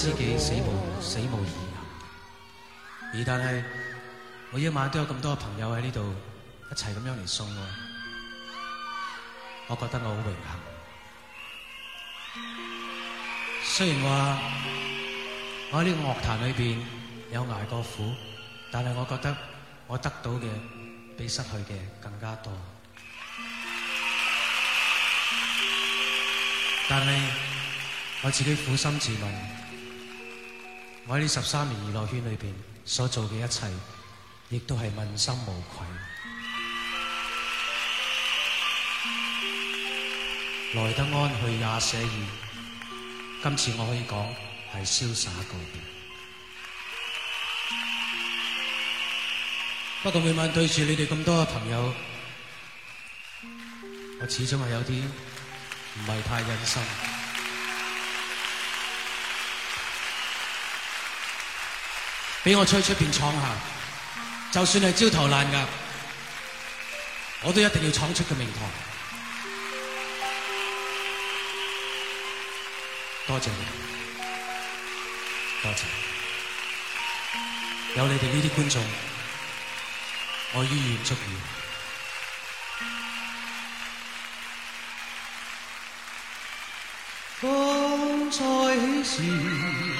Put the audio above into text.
知己死無死無疑，而但係每一晚都有咁多朋友喺呢度一齊咁樣嚟送我，我覺得我好榮幸。雖然話我喺呢個樂壇裏邊有捱過苦，但係我覺得我得到嘅比失去嘅更加多。但係我自己苦心自問。我喺呢十三年娛樂圈裏面所做嘅一切，亦都係問心無愧。 來得安，去也寫意。今次我可以講係瀟灑告別。不過每晚對住你哋咁多朋友，我始終係有啲唔係太忍心。俾我出去出邊闖下，就算係焦頭爛額，我都一定要闖出個名堂。多謝你，多謝你，有你哋呢啲觀眾，我依然足矣。風再起